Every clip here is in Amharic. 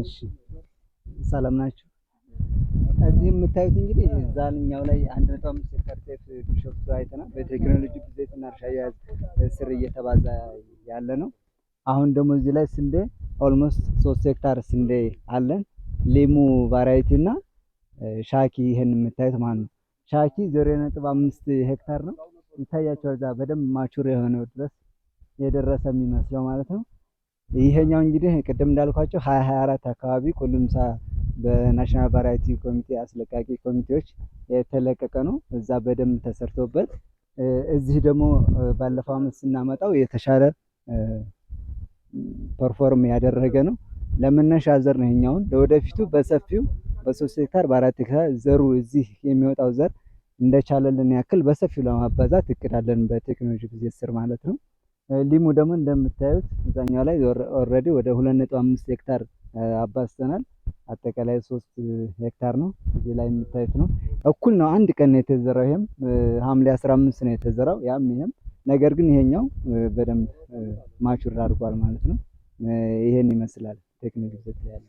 እሺ ሰላም ናችሁ። እዚህ የምታዩት እንግዲህ ዛልኛው ላይ አንድ ነጥብ አምስት ሄክታር ጤፍ ቢሾፍቱ አይተናል። በቴክኖሎጂ ዘይትና እርሻ አያያዝ ስር እየተባዛ ያለ ነው። አሁን ደግሞ እዚህ ላይ ስንዴ ኦልሞስት ሶስት ሄክታር ስንዴ አለን። ሊሙ ቫራይቲ እና ሻኪ ይህን የምታዩት ማለት ነው። ሻኪ ዜሮ ነጥብ አምስት ሄክታር ነው ይታያቸዋል። እዛ በደንብ ማቹር የሆነው ድረስ የደረሰ የሚመስለው ማለት ነው። ይሄኛው እንግዲህ ቅድም እንዳልኳቸው ሀያ ሀያ አራት አካባቢ ቁልምሳ በናሽናል ቫራይቲ ኮሚቴ አስለቃቂ ኮሚቴዎች የተለቀቀ ነው። እዛ በደንብ ተሰርቶበት እዚህ ደግሞ ባለፈው ዓመት ስናመጣው የተሻለ ፐርፎርም ያደረገ ነው። ለመነሻ ዘር ነው ይሄኛውን ለወደፊቱ በሰፊው በሶስት ሄክታር በአራት ሄክታር ዘሩ እዚህ የሚወጣው ዘር እንደቻለልን ያክል በሰፊው ለማባዛት እቅዳለን በቴክኖሎጂ ጊዜ ስር ማለት ነው። ሊሙ ደግሞ እንደምታዩት እዛኛው ላይ ኦልሬዲ ወደ 2.5 ሄክታር አባዝተናል። አጠቃላይ 3 ሄክታር ነው። እዚህ ላይ የምታዩት ነው። እኩል ነው። አንድ ቀን ነው የተዘራው። ይሄም ሐምሌ 15 ነው የተዘራው ያም ይሄም። ነገር ግን ይሄኛው በደንብ ማቹር አድርጓል ማለት ነው። ይሄን ይመስላል ቴክኒክ ያለ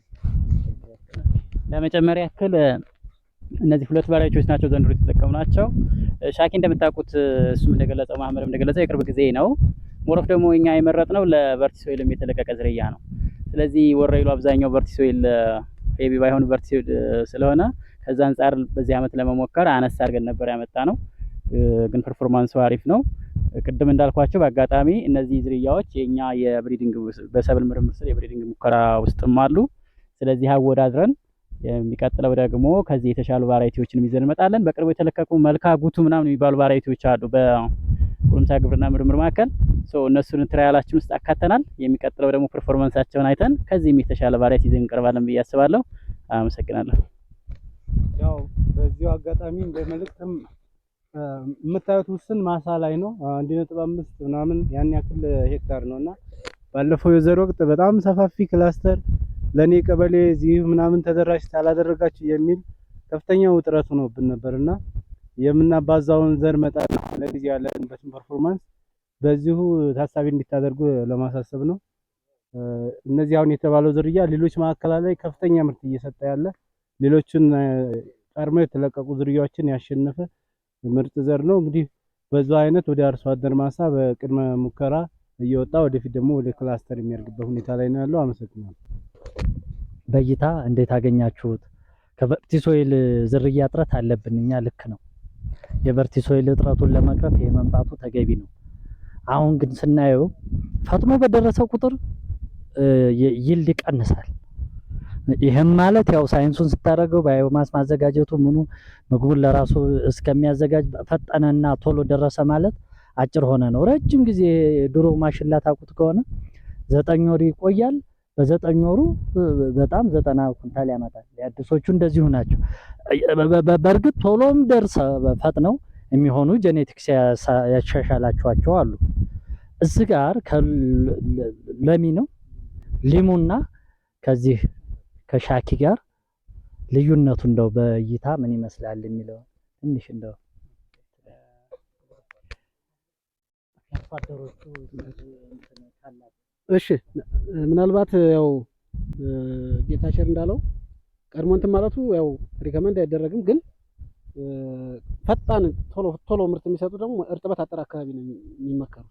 ለመጨመር ያክል እነዚህ ሁለት ቫራይቲዎች ናቸው ዘንድሮ ናቸው። ሻኪ እንደምታውቁት እሱም እንደገለጸው ማህመድም እንደገለጸው የቅርብ ጊዜ ነው። ወረፍ ደግሞ እኛ ነው ለቨርቲሶይልም የተለቀቀ ዝርያ ነው። ስለዚህ ወረይሉ አብዛኛው ቨርቲሶይል ሄቢ ባይሆን ቨርቲሶይል ስለሆነ ከዛ አንጻር በዚህ አመት ለመሞከር አነስ አድርገን ነበር ያመጣ ነው። ግን ፐርፎርማንሱ አሪፍ ነው። ቅድም እንዳልኳቸው በአጋጣሚ እነዚህ ዝርያዎች የእኛ የብሪዲንግ በሰብል ምርምር ስር የብሪዲንግ ሙከራ ውስጥም አሉ። ስለዚህ አወዳድረን የሚቀጥለው ደግሞ ከዚህ የተሻሉ ቫራይቲዎችን ይዘን እንመጣለን። በቅርቡ የተለቀቁ መልካ ጉቱ ምናምን የሚባሉ ቫራይቲዎች አሉ በቁርምሳ ግብርና ምርምር ማዕከል እነሱን ትራያላችን ውስጥ አካተናል። የሚቀጥለው ደግሞ ፐርፎርማንሳቸውን አይተን ከዚህም የተሻለ ቫሪያት ይዘን እንቀርባለን ብዬ አስባለሁ። አመሰግናለሁ። ያው በዚሁ አጋጣሚ እንደ መልእክትም የምታዩት ውስን ማሳ ላይ ነው። አንድ ነጥብ አምስት ምናምን ያን ያክል ሄክታር ነው እና ባለፈው የዘር ወቅት በጣም ሰፋፊ ክላስተር ለእኔ ቀበሌ እዚህ ምናምን ተደራሽ ታላደረጋችሁ የሚል ከፍተኛ ውጥረት ሆኖብን ነበር እና የምናባዛውን ዘር መጣ ለጊዜ ያለንበትን ፐርፎርማንስ በዚሁ ታሳቢ እንዲታደርጉ ለማሳሰብ ነው። እነዚህ አሁን የተባለው ዝርያ ሌሎች ማዕከላት ላይ ከፍተኛ ምርት እየሰጠ ያለ ሌሎችን ቀርመው የተለቀቁ ዝርያዎችን ያሸነፈ ምርጥ ዘር ነው። እንግዲህ በዛ አይነት ወደ አርሶ አደር ማሳ በቅድመ ሙከራ እየወጣ ወደፊት ደግሞ ወደ ክላስተር የሚያደርግበት ሁኔታ ላይ ነው ያለው። አመሰግናለሁ። በእይታ እንዴት አገኛችሁት? ከቨርቲሶይል ዝርያ እጥረት አለብን እኛ ልክ ነው። የቨርቲሶይል እጥረቱን ለመቅረፍ ይህ መምጣቱ ተገቢ ነው። አሁን ግን ስናየው ፈጥኖ በደረሰ ቁጥር ይልድ ይቀንሳል። ይህም ማለት ያው ሳይንሱን ስታደርገው ባዮማስ ማዘጋጀቱ ምኑ ምግቡን ለራሱ እስከሚያዘጋጅ ፈጠነና ቶሎ ደረሰ ማለት አጭር ሆነ ነው። ረጅም ጊዜ ድሮ ማሽላ ታውቁት ከሆነ ዘጠኝ ወር ይቆያል። በዘጠኝ ወሩ በጣም ዘጠና ኩንታል ያመጣል። አዲሶቹ እንደዚሁ ናቸው። በእርግጥ ቶሎም ደርሰ ፈጥነው የሚሆኑ ጄኔቲክስ ያሻሻላችኋቸው አሉ። እዚህ ጋር ለሚ ነው ሊሙና ከዚህ ከሻኪ ጋር ልዩነቱ እንደው በእይታ ምን ይመስላል የሚለው ትንሽ እንደው እሺ ምናልባት ያው ጌታቸር እንዳለው ቀድሞ እንትን ማለቱ ያው ሪከመንድ አይደረግም ግን ፈጣን ቶሎ ቶሎ ምርት የሚሰጡ ደግሞ እርጥበት አጠር አካባቢ ነው የሚመከሩት።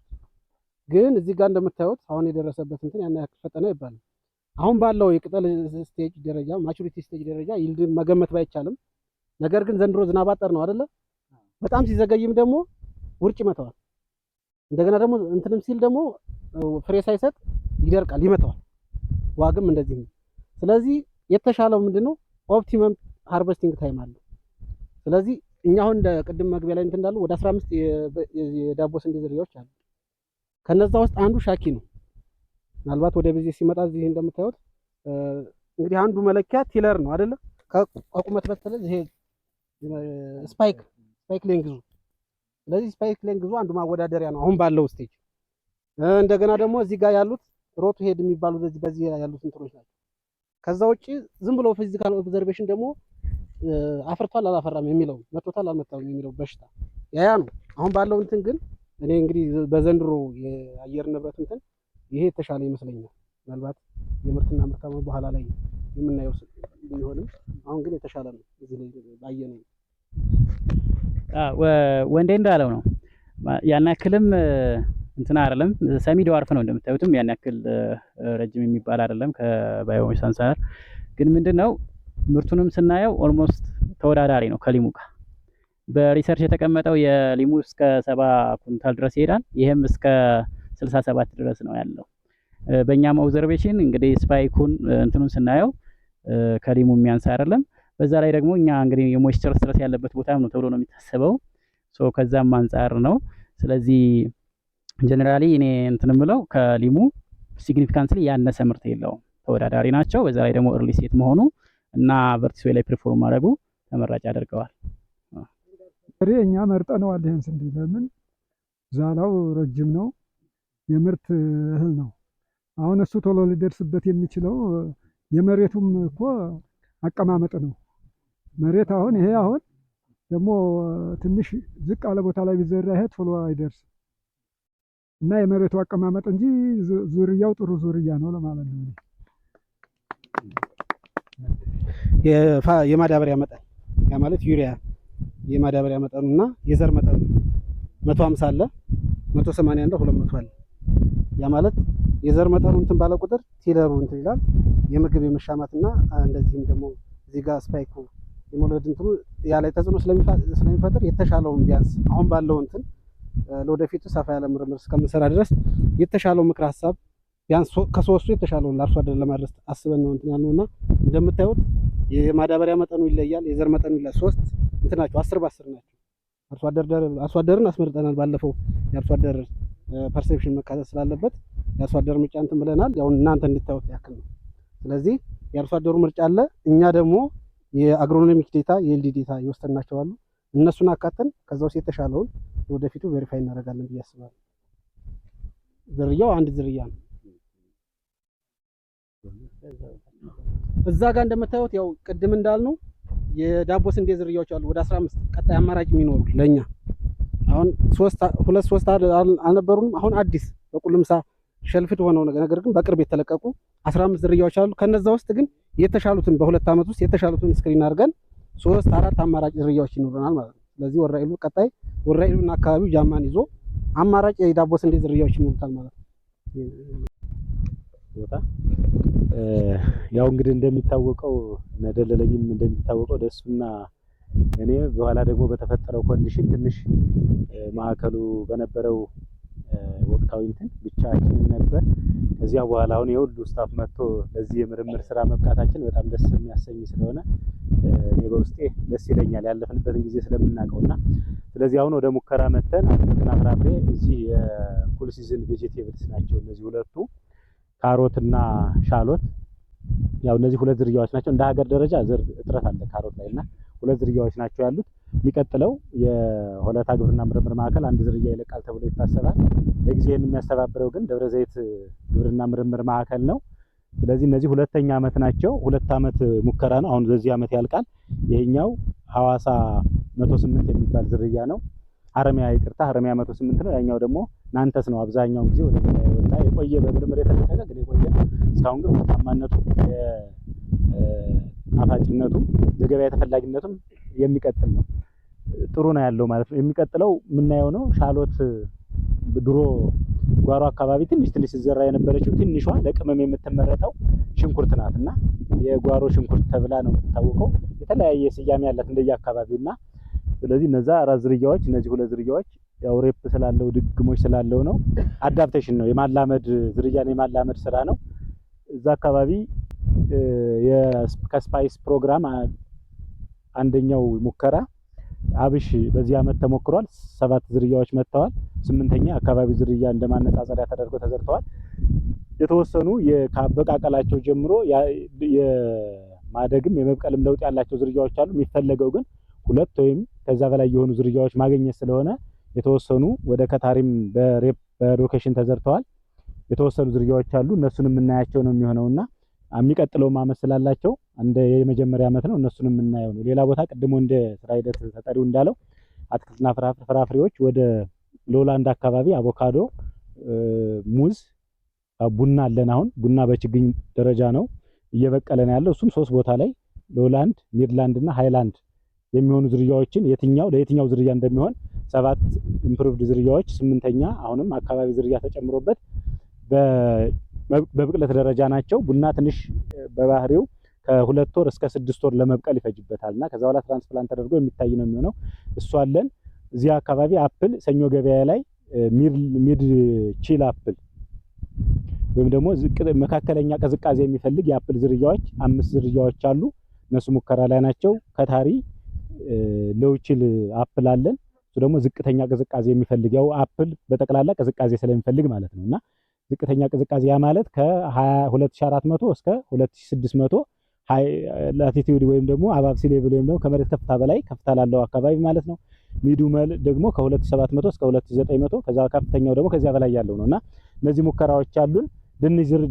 ግን እዚህ ጋር እንደምታዩት አሁን የደረሰበት እንትን ያን ያክል ፈጠነ ይባላል። አሁን ባለው የቅጠል ስቴጅ ደረጃ ማቹሪቲ ስቴጅ ደረጃ ይልድን መገመት ባይቻልም፣ ነገር ግን ዘንድሮ ዝናብ አጠር ነው አደለ በጣም ሲዘገይም ደግሞ ውርጭ ይመተዋል። እንደገና ደግሞ እንትንም ሲል ደግሞ ፍሬ ሳይሰጥ ይደርቃል፣ ይመተዋል። ዋግም እንደዚህ ነው። ስለዚህ የተሻለው ምንድነው ኦፕቲመም ሃርቨስቲንግ ታይም አለ። ስለዚህ እኛ አሁን እንደ ቅድም መግቢያ ላይ እንትን እንዳሉ ወደ 15 የዳቦ ስንዴ ዝርያዎች አሉ። ከነዛ ውስጥ አንዱ ሻኪ ነው። ምናልባት ወደ ብዜ ሲመጣ እዚህ እንደምታዩት እንግዲህ አንዱ መለኪያ ቲለር ነው አይደለ? ከቁመት በተለ ይሄ ስፓይክ ስፓይክ ሌንግዙ። ስለዚህ ስፓይክ ሌንግዙ አንዱ ማወዳደሪያ ነው አሁን ባለው ስቴጅ። እንደገና ደግሞ እዚህ ጋር ያሉት ሮቱ ሄድ የሚባሉ በዚህ ያሉት እንትኖች ናቸው። ከዛ ውጪ ዝም ብሎ ፊዚካል ኦብዘርቬሽን ደግሞ አፍርቷል አላፈራም የሚለው መቶታል አልመጣም የሚለው በሽታ ያያ ነው። አሁን ባለው እንትን ግን እኔ እንግዲህ በዘንድሮ የአየር ንብረት እንትን ይሄ የተሻለ ይመስለኛል። ምናልባት የምርትና ምርታማ በኋላ ላይ የምናየው ቢሆንም አሁን ግን የተሻለ ነው። እዚህ ላይ ባየነ ወንዴ እንዳለው ነው ያን ያክልም እንትን አይደለም። ሰሚ ደዋርፍ ነው እንደምታዩትም ያን ያክል ረጅም የሚባል አይደለም ከባዮሜስ አንፃር ግን ምንድን ነው ምርቱንም ስናየው ኦልሞስት ተወዳዳሪ ነው ከሊሙ ጋር። በሪሰርች የተቀመጠው የሊሙ እስከ ሰባ ኩንታል ድረስ ይሄዳል። ይህም እስከ ስልሳ ሰባት ድረስ ነው ያለው። በእኛም ኦብዘርቬሽን እንግዲህ ስፓይኩን እንትኑን ስናየው ከሊሙ የሚያንስ አይደለም። በዛ ላይ ደግሞ እኛ እንግዲህ የሞይስቸር ስትረስ ያለበት ቦታ ነው ተብሎ ነው የሚታሰበው። ሶ ከዛም አንጻር ነው። ስለዚህ ጀኔራሊ እኔ እንትን ምለው ከሊሙ ሲግኒፊካንትሊ ያነሰ ምርት የለውም። ተወዳዳሪ ናቸው። በዛ ላይ ደግሞ እርሊ ሴት መሆኑ እና ቨርቲስዌ ላይ ፕሪፎርም ማድረጉ ተመራጭ ያደርገዋል። ጥሬ እኛ መርጠነዋል። ይህን ስንዴ ለምን ዛላው ረጅም ነው፣ የምርት እህል ነው። አሁን እሱ ቶሎ ሊደርስበት የሚችለው የመሬቱም እኮ አቀማመጥ ነው። መሬት አሁን ይሄ አሁን ደግሞ ትንሽ ዝቅ ያለ ቦታ ላይ ቢዘራ ይሄ ቶሎ አይደርስም እና የመሬቱ አቀማመጥ እንጂ ዙርያው ጥሩ ዙርያ ነው ለማለት ነው። የማዳበሪያ መጠን ያ ማለት ዩሪያ የማዳበሪያ መጠኑ እና የዘር መጠኑ መቶ ሀምሳ አለ መቶ ሰማንያ አለ ሁለት መቶ አለ ያ ማለት የዘር መጠኑ እንትን ባለ ቁጥር ቲለሩ እንትን ይላል የምግብ የመሻማትና እንደዚህም ደግሞ እዚህ ጋር ስፓይኩ የመውለድ እንትኑ ያ ላይ ተጽዕኖ ስለሚፈጥር የተሻለውን ቢያንስ አሁን ባለው እንትን ለወደፊቱ ሰፋ ያለ ምርምር እስከምንሰራ ድረስ የተሻለው ምክር ሀሳብ ቢያንስ ከሶስቱ የተሻለውን ለአርሶ አደር ለማድረስ አስበን ነው እንትን ያልነው እና እንደምታዩት የማዳበሪያ መጠኑ ይለያል፣ የዘር መጠኑ ይለያል። ሶስት እንትን ናቸው፣ አስር በአስር ናቸው። አርሶ አደርን አስመርጠናል። ባለፈው የአርሶ አደር ፐርሴፕሽን መካተት ስላለበት የአርሶ አደር ምርጫ እንትን ብለናል። ያሁን እናንተ እንድታዩት ያክል ነው። ስለዚህ የአርሶ አደሩ ምርጫ አለ፣ እኛ ደግሞ የአግሮኖሚክ ዴታ የኤልዲ ዴታ ይወስደናቸዋሉ። እነሱን አካተን ከዛ ውስጥ የተሻለውን ወደፊቱ ቬሪፋይ እናደርጋለን ብዬ አስባለሁ። ዝርያው አንድ ዝርያ ነው። እዛ ጋር እንደምታዩት ያው ቅድም እንዳልነው የዳቦ ስንዴ ዝርያዎች አሉ ወደ 15 ቀጣይ አማራጭ የሚኖሩ ለኛ አሁን ሶስት ሁለት ሶስት አልነበሩንም። አሁን አዲስ በቁልምሳ ሸልፍድ ሆነው ነገር ግን በቅርብ የተለቀቁ 15 ዝርያዎች አሉ። ከነዛ ውስጥ ግን የተሻሉትን በሁለት ዓመት ውስጥ የተሻሉትን ስክሪን አድርገን ሶስት አራት አማራጭ ዝርያዎች ይኖረናል ማለት ነው። ስለዚህ ወራኢሉ ቀጣይ ወራኢሉና አካባቢው ጃማን ይዞ አማራጭ የዳቦ ስንዴ ዝርያዎች ይኖሩታል ማለት ነው። ቦታ ያው እንግዲህ እንደሚታወቀው ነደለለኝም እንደሚታወቀው ደሱና እኔ በኋላ ደግሞ በተፈጠረው ኮንዲሽን ትንሽ ማዕከሉ በነበረው ወቅታዊ እንትን ብቻችንን ነበር። ከዚያ በኋላ አሁን የሁሉ ስታፍ መጥቶ ለዚህ የምርምር ስራ መብቃታችን በጣም ደስ የሚያሰኝ ስለሆነ እኔ በውስጤ ደስ ይለኛል ያለፍንበትን ጊዜ ስለምናውቀው እና ስለዚህ አሁን ወደ ሙከራ መተን አትክልትና ፍራፍሬ እዚህ የኩል ሲዝን ቬጀቴብልስ ናቸው እነዚህ ሁለቱ ካሮትና ሻሎት ያው እነዚህ ሁለት ዝርያዎች ናቸው። እንደ ሀገር ደረጃ ዝር እጥረት አለ ካሮት ላይ እና ሁለት ዝርያዎች ናቸው ያሉት። የሚቀጥለው የሆለታ ግብርና ምርምር ማዕከል አንድ ዝርያ ይለቃል ተብሎ ይታሰባል። ለጊዜህን የሚያስተባብረው ግን ደብረ ዘይት ግብርና ምርምር ማዕከል ነው። ስለዚህ እነዚህ ሁለተኛ ዓመት ናቸው። ሁለት ዓመት ሙከራ ነው። አሁን በዚህ ዓመት ያልቃል። ይሄኛው ሐዋሳ መቶ ስምንት የሚባል ዝርያ ነው። አረሚያ ይቅርታ፣ አረሚያ መቶ ስምንት ነው። ያኛው ደግሞ ናንተስ ነው። አብዛኛውን ጊዜ ወደ እና የቆየ በምርምር የተደረገ ግን የቆየ እስካሁን ግን ምርታማነቱ ጣፋጭነቱ ለገበያ ተፈላጊነቱም የሚቀጥል ነው። ጥሩ ነው ያለው ማለት ነው። የሚቀጥለው የምናየው ነው። ሻሎት ድሮ ጓሮ አካባቢ ትንሽ ትንሽ ሲዘራ የነበረችው ትንሿ ለቅመም የምትመረጠው ሽንኩርት ናት እና የጓሮ ሽንኩርት ተብላ ነው የምትታወቀው። የተለያየ ስያሜ ያላት እንደየ አካባቢው እና ስለዚህ እነዛ አራት ዝርያዎች እነዚህ ሁለት ዝርያዎች ያው ሬፕ ስላለው ድግሞች ስላለው ነው። አዳፕቴሽን ነው የማላመድ ዝርያን የማላመድ ስራ ነው። እዛ አካባቢ ከስፓይስ ፕሮግራም አንደኛው ሙከራ አብሽ በዚህ አመት ተሞክሯል። ሰባት ዝርያዎች መጥተዋል። ስምንተኛ አካባቢ ዝርያ እንደ ማነጻጸሪያ ተደርጎ ተዘርተዋል። የተወሰኑ ከአበቃቀላቸው ጀምሮ የማደግም የመብቀልም ለውጥ ያላቸው ዝርያዎች አሉ። የሚፈለገው ግን ሁለት ወይም ከዛ በላይ የሆኑ ዝርያዎች ማግኘት ስለሆነ የተወሰኑ ወደ ከታሪም በሎኬሽን ተዘርተዋል። የተወሰኑ ዝርያዎች አሉ። እነሱን የምናያቸው ነው የሚሆነውና የሚቀጥለው አመት ስላላቸው እንደ የመጀመሪያ አመት ነው። እነሱን የምናየው ነው። ሌላ ቦታ ቅድሞ እንደ ስራ ሂደት ተጠሪው እንዳለው አትክልትና ፍራፍሬዎች ወደ ሎላንድ አካባቢ አቮካዶ፣ ሙዝ፣ ቡና አለን። አሁን ቡና በችግኝ ደረጃ ነው እየበቀለ ነው ያለው። እሱም ሶስት ቦታ ላይ ሎላንድ፣ ሚድላንድ እና ሃይላንድ የሚሆኑ ዝርያዎችን የትኛው ለየትኛው ዝርያ እንደሚሆን ሰባት ኢምፕሩቭድ ዝርያዎች ስምንተኛ አሁንም አካባቢ ዝርያ ተጨምሮበት በብቅለት ደረጃ ናቸው። ቡና ትንሽ በባህሪው ከሁለት ወር እስከ ስድስት ወር ለመብቀል ይፈጅበታል እና ከዛ በኋላ ትራንስፕላንት ተደርጎ የሚታይ ነው የሚሆነው። እሱ አለን እዚህ አካባቢ። አፕል ሰኞ ገበያ ላይ ሚድ ቺል አፕል ወይም ደግሞ መካከለኛ ቅዝቃዜ የሚፈልግ የአፕል ዝርያዎች አምስት ዝርያዎች አሉ። እነሱ ሙከራ ላይ ናቸው። ከታሪ ሎውችል አፕል አለን። እሱ ደግሞ ዝቅተኛ ቅዝቃዜ የሚፈልግ ያው አፕል በጠቅላላ ቅዝቃዜ ስለሚፈልግ ማለት ነው እና ዝቅተኛ ቅዝቃዜ ያ ማለት ከ2400 እስከ 2600 ላቲቲዩድ ወይም ደግሞ አባብሲ ሌቭል ወይም ደግሞ ከመሬት ከፍታ በላይ ከፍታ ላለው አካባቢ ማለት ነው። ሚዱመል ደግሞ ከ2700 እስከ 2900 ከዛ ከፍተኛው ደግሞ ከዚያ በላይ ያለው ነው እና እነዚህ ሙከራዎች አሉን።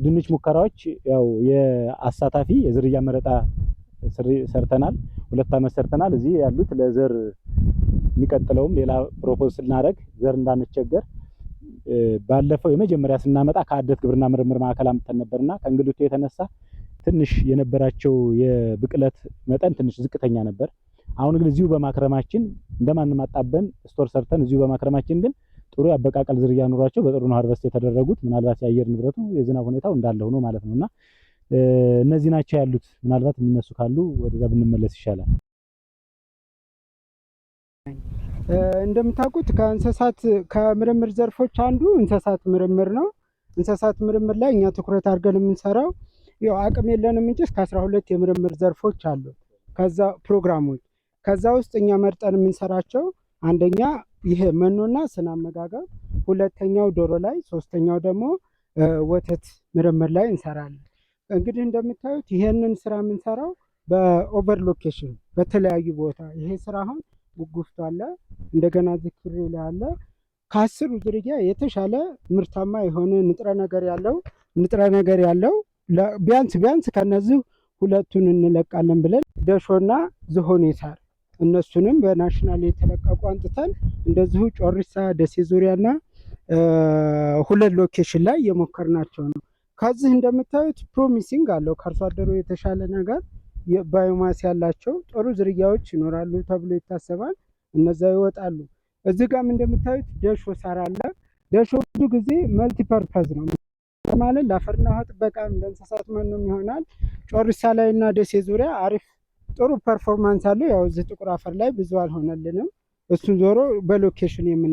ድንች ሙከራዎች ያው የአሳታፊ የዝርያ መረጣ ሰርተናል። ሁለት ዓመት ሰርተናል። እዚህ ያሉት ለዘር የሚቀጥለውም ሌላ ፕሮፖዝ ስናደርግ ዘር እንዳንቸገር ባለፈው የመጀመሪያ ስናመጣ ከአደት ግብርና ምርምር ማዕከል አምጥተን ነበርና ከእንግልቱ የተነሳ ትንሽ የነበራቸው የብቅለት መጠን ትንሽ ዝቅተኛ ነበር። አሁን ግን እዚሁ በማክረማችን እንደማንም አጣበን ስቶር ሰርተን እዚሁ በማክረማችን ግን ጥሩ የአበቃቀል ዝርያ ኑሯቸው በጥሩ ነው ሀርቨስት የተደረጉት። ምናልባት የአየር ንብረቱ የዝናብ ሁኔታው እንዳለ ሆኖ ማለት ነው እና እነዚህ ናቸው ያሉት። ምናልባት የሚነሱ ካሉ ወደዛ ብንመለስ ይሻላል። እንደምታውቁት ከእንስሳት ከምርምር ዘርፎች አንዱ እንስሳት ምርምር ነው። እንስሳት ምርምር ላይ እኛ ትኩረት አድርገን የምንሰራው ያው አቅም የለንም እንጂ እስከ አስራ ሁለት የምርምር ዘርፎች አሉ ከዛ ፕሮግራሞች ከዛ ውስጥ እኛ መርጠን የምንሰራቸው አንደኛ ይሄ መኖና ስነ አመጋገብ፣ ሁለተኛው ዶሮ ላይ፣ ሶስተኛው ደግሞ ወተት ምርምር ላይ እንሰራለን። እንግዲህ እንደምታዩት ይሄንን ስራ የምንሰራው በኦቨር ሎኬሽን በተለያዩ ቦታ ይሄ ስራ አሁን ጉጉፍቱ አለ እንደገና ዝክሪ ላይ አለ። ከአስር ዝርያ የተሻለ ምርታማ የሆነ ንጥረ ነገር ያለው ንጥረ ነገር ያለው ቢያንስ ቢያንስ ከነዚህ ሁለቱን እንለቃለን ብለን ደሾና ዝሆኔ ሳር እነሱንም በናሽናል የተለቀቁ አንጥተን እንደዚሁ ጮሪሳ፣ ደሴ ዙሪያና ሁለት ሎኬሽን ላይ የሞከርናቸው ነው። ከዚህ እንደምታዩት ፕሮሚሲንግ አለው። ከአርሶ አደሩ የተሻለ ነገር ባዮማስ ያላቸው ጥሩ ዝርያዎች ይኖራሉ ተብሎ ይታሰባል። እነዛ ይወጣሉ። እዚህ ጋም እንደምታዩት ደሾ ሳር አለ። ደሾ ብዙ ጊዜ መልቲፐርፐዝ ነው ማለት ለአፈርና ውሃ ጥበቃም ለእንስሳት መኖም ይሆናል። ጮርሳ ላይ እና ደሴ ዙሪያ አሪፍ ጥሩ ፐርፎርማንስ አለው። ያው እዚህ ጥቁር አፈር ላይ ብዙ አልሆነልንም። እሱን ዞሮ በሎኬሽን የምን